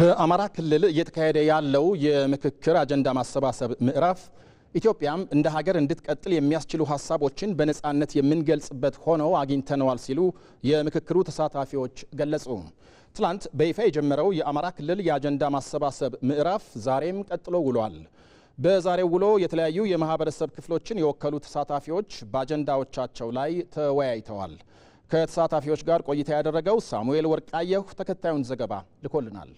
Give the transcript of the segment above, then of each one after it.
በአማራ ክልል እየተካሄደ ያለው የምክክር አጀንዳ ማሰባሰብ ምዕራፍ ኢትዮጵያም እንደ ሀገር እንድትቀጥል የሚያስችሉ ሀሳቦችን በነፃነት የምንገልጽበት ሆነው አግኝተነዋል ሲሉ የምክክሩ ተሳታፊዎች ገለጹ። ትላንት በይፋ የጀመረው የአማራ ክልል የአጀንዳ ማሰባሰብ ምዕራፍ ዛሬም ቀጥሎ ውሏል። በዛሬው ውሎ የተለያዩ የማህበረሰብ ክፍሎችን የወከሉ ተሳታፊዎች በአጀንዳዎቻቸው ላይ ተወያይተዋል። ከተሳታፊዎች ጋር ቆይታ ያደረገው ሳሙኤል ወርቃየሁ ተከታዩን ዘገባ ልኮልናል።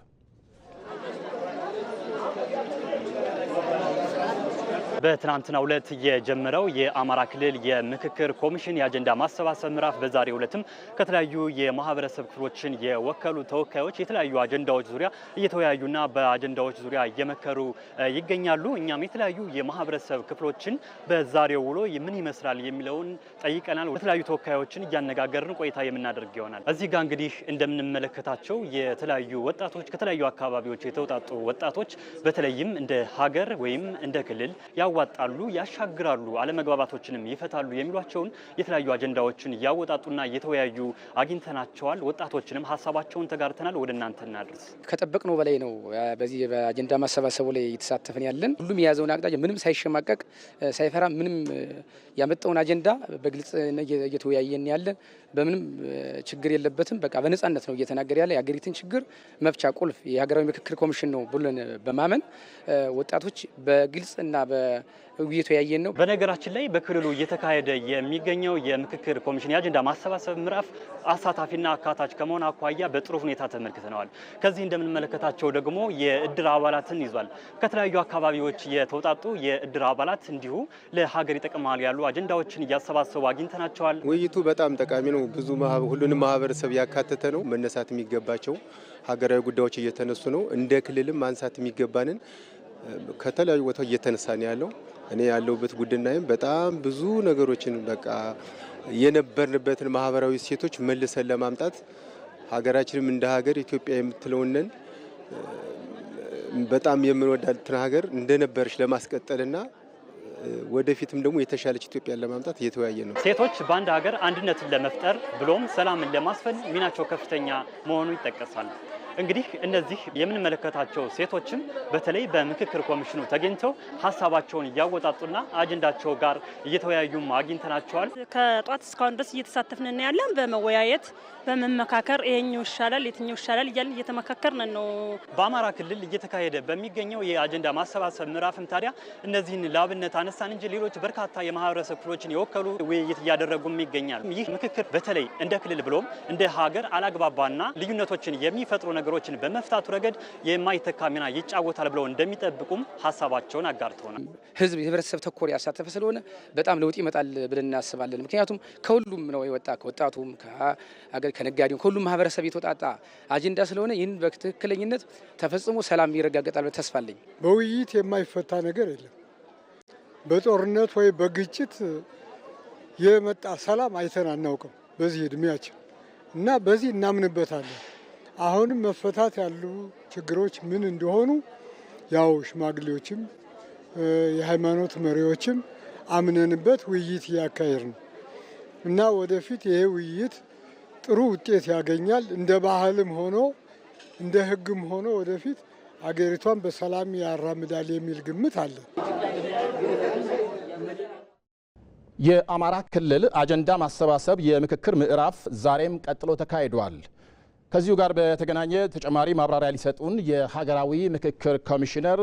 በትናንትናው ዕለት የጀመረው የአማራ ክልል የምክክር ኮሚሽን የአጀንዳ ማሰባሰብ ምዕራፍ በዛሬው ዕለትም ከተለያዩ የማህበረሰብ ክፍሎችን የወከሉ ተወካዮች የተለያዩ አጀንዳዎች ዙሪያ እየተወያዩና በአጀንዳዎች ዙሪያ እየመከሩ ይገኛሉ። እኛም የተለያዩ የማህበረሰብ ክፍሎችን በዛሬው ውሎ ምን ይመስላል የሚለውን ጠይቀናል። የተለያዩ ተወካዮችን እያነጋገርን ቆይታ የምናደርግ ይሆናል። እዚህ ጋር እንግዲህ እንደምንመለከታቸው የተለያዩ ወጣቶች ከተለያዩ አካባቢዎች የተውጣጡ ወጣቶች በተለይም እንደ ሀገር ወይም እንደ ክልል ያዋጣሉ፣ ያሻግራሉ፣ አለመግባባቶችንም ይፈታሉ የሚሏቸውን የተለያዩ አጀንዳዎችን እያወጣጡና እየተወያዩ አግኝተናቸዋል። ወጣቶችንም ሀሳባቸውን ተጋርተናል። ወደ እናንተ እናድርስ። ከጠበቅነው በላይ ነው። በዚህ በአጀንዳ ማሰባሰቡ ላይ እየተሳተፍን ያለን ሁሉም የያዘውን አቅጣጫ ምንም ሳይሸማቀቅ ሳይፈራ ምንም ያመጣውን አጀንዳ በግልጽ እየተወያየን ያለን በምንም ችግር የለበትም። በቃ በነጻነት ነው እየተናገር ያለ የሀገሪትን ችግር መፍቻ ቁልፍ የሀገራዊ ምክክር ኮሚሽን ነው ብለን በማመን ወጣቶች በግልጽና ውይይቱ ያየን ነው። በነገራችን ላይ በክልሉ እየተካሄደ የሚገኘው የምክክር ኮሚሽን የአጀንዳ ማሰባሰብ ምዕራፍ አሳታፊና አካታች ከመሆን አኳያ በጥሩ ሁኔታ ተመልክተነዋል። ከዚህ እንደምንመለከታቸው ደግሞ የእድር አባላትን ይዟል። ከተለያዩ አካባቢዎች የተውጣጡ የእድር አባላት እንዲሁ ለሀገር ይጠቅማል ያሉ አጀንዳዎችን እያሰባሰቡ አግኝተናቸዋል። ውይይቱ በጣም ጠቃሚ ነው። ብዙ ሁሉንም ማህበረሰብ ያካተተ ነው። መነሳት የሚገባቸው ሀገራዊ ጉዳዮች እየተነሱ ነው። እንደ ክልልም ማንሳት የሚገባንን ከተለያዩ ቦታ እየተነሳ ነው ያለው። እኔ ያለሁበት ጉድናይም በጣም ብዙ ነገሮችን በቃ የነበርንበትን ማህበራዊ እሴቶች መልሰን ለማምጣት ሀገራችንም እንደ ሀገር ኢትዮጵያ የምትለውነን በጣም የምንወዳትን ሀገር እንደነበረች ለማስቀጠልና ወደፊትም ደግሞ የተሻለች ኢትዮጵያን ለማምጣት እየተወያየ ነው። ሴቶች በአንድ ሀገር አንድነትን ለመፍጠር ብሎም ሰላምን ለማስፈን ሚናቸው ከፍተኛ መሆኑ ይጠቀሳል። እንግዲህ እነዚህ የምንመለከታቸው ሴቶችም በተለይ በምክክር ኮሚሽኑ ተገኝተው ሀሳባቸውን እያወጣጡና አጀንዳቸው ጋር እየተወያዩም አግኝተናቸዋል። ከጧት እስካሁን ድረስ እየተሳተፍን እናያለን። በመወያየት በመመካከር ይሄኛው ይሻላል የትኛው ይሻላል እያልን እየተመካከርን ነው። በአማራ ክልል እየተካሄደ በሚገኘው የአጀንዳ ማሰባሰብ ምዕራፍም ታዲያ እነዚህን ለአብነት አነሳን እንጂ ሌሎች በርካታ የማህበረሰብ ክፍሎችን የወከሉ ውይይት እያደረጉም ይገኛል። ይህ ምክክር በተለይ እንደ ክልል ብሎም እንደ ሀገር አላግባባና ልዩነቶችን የሚፈጥሩ ነገሮችን በመፍታቱ ረገድ የማይተካ ሚና ይጫወታል ብለው እንደሚጠብቁም ሀሳባቸውን አጋርተውናል። ህዝብ የህብረተሰብ ተኮር ያሳተፈ ስለሆነ በጣም ለውጥ ይመጣል ብለን እናስባለን። ምክንያቱም ከሁሉም ነው የወጣ ከወጣቱም፣ ከሀገር ከነጋዴውም፣ ከሁሉም ማህበረሰብ የተወጣጣ አጀንዳ ስለሆነ ይህን በትክክለኝነት ተፈጽሞ ሰላም ይረጋገጣል ተስፋ አለኝ። በውይይት የማይፈታ ነገር የለም። በጦርነት ወይ በግጭት የመጣ ሰላም አይተን አናውቅም በዚህ እድሜያችን እና በዚህ እናምንበታለን። አሁንም መፈታት ያሉ ችግሮች ምን እንደሆኑ ያው ሽማግሌዎችም የሃይማኖት መሪዎችም አምነንበት ውይይት እያካሄድ ነው እና ወደፊት ይሄ ውይይት ጥሩ ውጤት ያገኛል። እንደ ባህልም ሆኖ እንደ ሕግም ሆኖ ወደፊት አገሪቷን በሰላም ያራምዳል የሚል ግምት አለ። የአማራ ክልል አጀንዳ ማሰባሰብ የምክክር ምዕራፍ ዛሬም ቀጥሎ ተካሂዷል። ከዚሁ ጋር በተገናኘ ተጨማሪ ማብራሪያ ሊሰጡን የሀገራዊ ምክክር ኮሚሽነር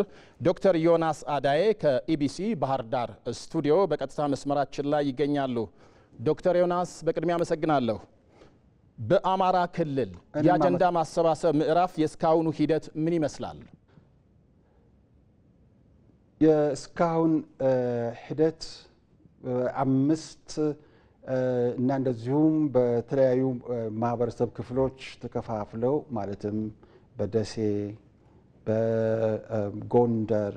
ዶክተር ዮናስ አዳዬ ከኢቢሲ ባህር ዳር ስቱዲዮ በቀጥታ መስመራችን ላይ ይገኛሉ። ዶክተር ዮናስ በቅድሚያ አመሰግናለሁ። በአማራ ክልል የአጀንዳ ማሰባሰብ ምዕራፍ የእስካሁኑ ሂደት ምን ይመስላል? የእስካሁን ሂደት አምስት እና እንደዚሁም በተለያዩ ማህበረሰብ ክፍሎች ተከፋፍለው ማለትም በደሴ፣ በጎንደር፣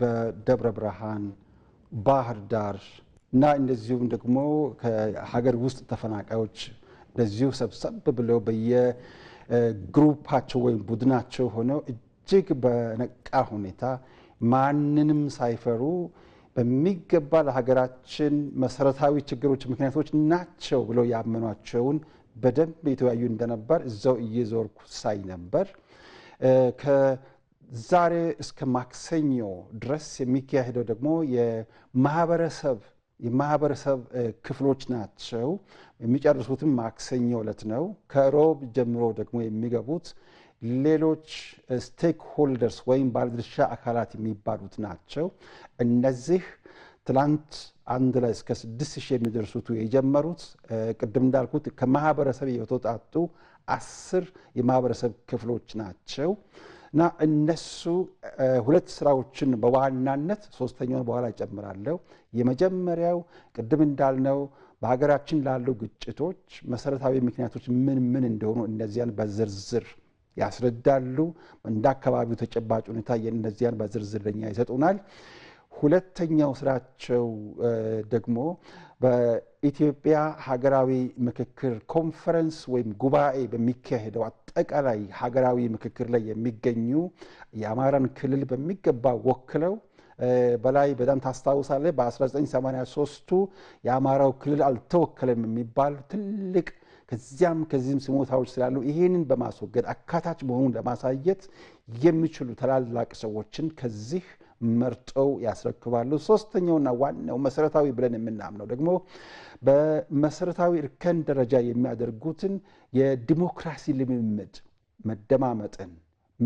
በደብረ ብርሃን፣ ባህር ዳር እና እንደዚሁም ደግሞ ከሀገር ውስጥ ተፈናቃዮች እንደዚሁ ሰብሰብ ብለው በየግሩፓቸው ወይም ቡድናቸው ሆነው እጅግ በነቃ ሁኔታ ማንንም ሳይፈሩ በሚገባ ለሀገራችን መሰረታዊ ችግሮች ምክንያቶች ናቸው ብለው ያመኗቸውን በደንብ የተወያዩ እንደነበር እዛው እየዞርኩ ሳይ ነበር። ከዛሬ እስከ ማክሰኞ ድረስ የሚካሄደው ደግሞ የማህበረሰብ የማህበረሰብ ክፍሎች ናቸው። የሚጨርሱትም ማክሰኞ ዕለት ነው። ከሮብ ጀምሮ ደግሞ የሚገቡት ሌሎች ስቴክ uh, ሆልደርስ ወይም ባለድርሻ አካላት የሚባሉት ናቸው። እነዚህ ትላንት አንድ ላይ እስከ ስድስት ሺህ የሚደርሱቱ የጀመሩት uh, ቅድም እንዳልኩት ከማህበረሰብ የተውጣጡ አስር የማህበረሰብ ክፍሎች ናቸው እና እነሱ uh, ሁለት ስራዎችን በዋናነት ሶስተኛውን በኋላ ይጨምራለሁ። የመጀመሪያው ቅድም እንዳልነው በሀገራችን ላሉ ግጭቶች መሰረታዊ ምክንያቶች ምን ምን እንደሆኑ እነዚያን በዝርዝር ያስረዳሉ። እንደ አካባቢው ተጨባጭ ሁኔታ የእነዚያን በዝርዝር ለኛ ይሰጡናል። ሁለተኛው ስራቸው ደግሞ በኢትዮጵያ ሀገራዊ ምክክር ኮንፈረንስ ወይም ጉባኤ በሚካሄደው አጠቃላይ ሀገራዊ ምክክር ላይ የሚገኙ የአማራን ክልል በሚገባ ወክለው በላይ በጣም ታስታውሳለህ፣ በ1983ቱ የአማራው ክልል አልተወከለም የሚባል ትልቅ ከዚያም ከዚህም ስሞታዎች ስላሉ ይሄንን በማስወገድ አካታች መሆኑን ለማሳየት የሚችሉ ታላላቅ ሰዎችን ከዚህ መርጠው ያስረክባሉ። ሶስተኛውና ዋናው መሰረታዊ ብለን የምናምነው ደግሞ በመሰረታዊ እርከን ደረጃ የሚያደርጉትን የዲሞክራሲ ልምምድ መደማመጥን፣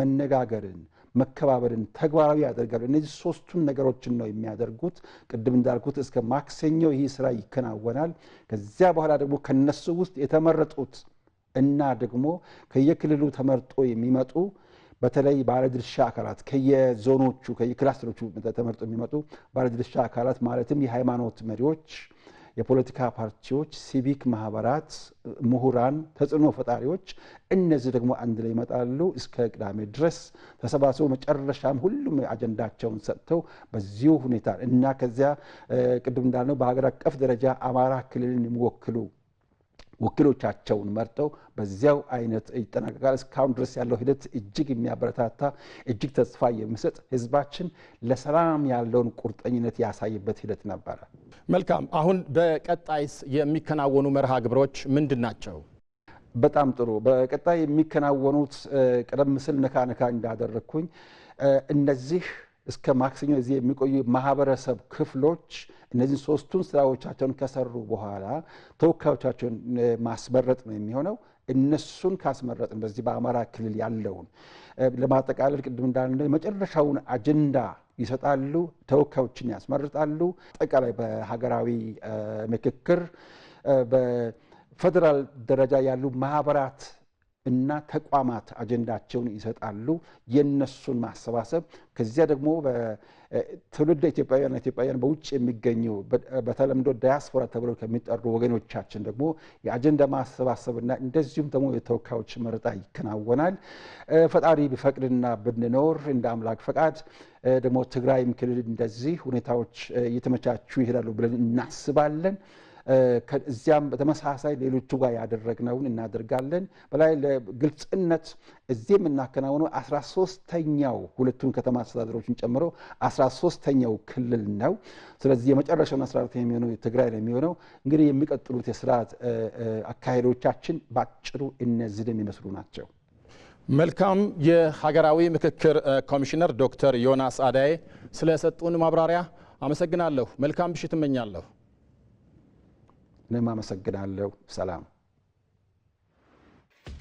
መነጋገርን መከባበርን ተግባራዊ ያደርጋሉ። እነዚህ ሶስቱን ነገሮችን ነው የሚያደርጉት። ቅድም እንዳልኩት እስከ ማክሰኞ ይህ ስራ ይከናወናል። ከዚያ በኋላ ደግሞ ከነሱ ውስጥ የተመረጡት እና ደግሞ ከየክልሉ ተመርጦ የሚመጡ በተለይ ባለድርሻ አካላት ከየዞኖቹ ከየክላስተሮቹ ተመርጦ የሚመጡ ባለድርሻ አካላት ማለትም የሃይማኖት መሪዎች የፖለቲካ ፓርቲዎች፣ ሲቪክ ማህበራት፣ ምሁራን፣ ተጽዕኖ ፈጣሪዎች እነዚህ ደግሞ አንድ ላይ ይመጣሉ። እስከ ቅዳሜ ድረስ ተሰባስበው መጨረሻም ሁሉም አጀንዳቸውን ሰጥተው በዚሁ ሁኔታ እና ከዚያ ቅድም እንዳልነው በሀገር አቀፍ ደረጃ አማራ ክልልን የሚወክሉ ወኪሎቻቸውን መርጠው በዚያው አይነት ይጠናቀቃል። እስካሁን ድረስ ያለው ሂደት እጅግ የሚያበረታታ እጅግ ተስፋ የሚሰጥ ህዝባችን ለሰላም ያለውን ቁርጠኝነት ያሳይበት ሂደት ነበረ። መልካም። አሁን በቀጣይስ የሚከናወኑ መርሃ ግብሮች ምንድን ናቸው? በጣም ጥሩ። በቀጣይ የሚከናወኑት ቀደም ሲል ነካ ነካ እንዳደረግኩኝ እነዚህ እስከ ማክሰኞ ጊዜ የሚቆዩ ማህበረሰብ ክፍሎች እነዚህን ሶስቱን ስራዎቻቸውን ከሰሩ በኋላ ተወካዮቻቸውን ማስመረጥ ነው የሚሆነው። እነሱን ካስመረጥን በዚህ በአማራ ክልል ያለውን ለማጠቃለል ቅድም እንዳልነው የመጨረሻውን አጀንዳ ይሰጣሉ፣ ተወካዮችን ያስመርጣሉ። አጠቃላይ በሀገራዊ ምክክር በፌዴራል ደረጃ ያሉ ማህበራት እና ተቋማት አጀንዳቸውን ይሰጣሉ። የነሱን ማሰባሰብ ከዚያ ደግሞ ትውልደ ኢትዮጵያውያን ኢትዮጵያውያን በውጭ የሚገኙ በተለምዶ ዳያስፖራ ተብለው ከሚጠሩ ወገኖቻችን ደግሞ የአጀንዳ ማሰባሰብና እንደዚሁም ደግሞ የተወካዮች መረጣ ይከናወናል። ፈጣሪ ቢፈቅድና ብንኖር እንደ አምላክ ፈቃድ ደግሞ ትግራይም ክልል እንደዚህ ሁኔታዎች እየተመቻቹ ይሄዳሉ ብለን እናስባለን። እዚያም በተመሳሳይ ሌሎቹ ጋር ያደረግነውን እናደርጋለን። በላይ ለግልጽነት እዚህ የምናከናውነው አስራ ሶስተኛው ሁለቱን ከተማ አስተዳደሮችን ጨምሮ አስራ ሶስተኛው ክልል ነው። ስለዚህ የመጨረሻውን አስራ አራት የሚሆነው ትግራይ ነው የሚሆነው። እንግዲህ የሚቀጥሉት የስርዓት አካሄዶቻችን በአጭሩ እነዚህን የሚመስሉ ናቸው። መልካም። የሀገራዊ ምክክር ኮሚሽነር ዶክተር ዮናስ አዳዬ ስለሰጡን ማብራሪያ አመሰግናለሁ። መልካም ብሽት እመኛለሁ። እኔም አመሰግናለሁ። ሰላም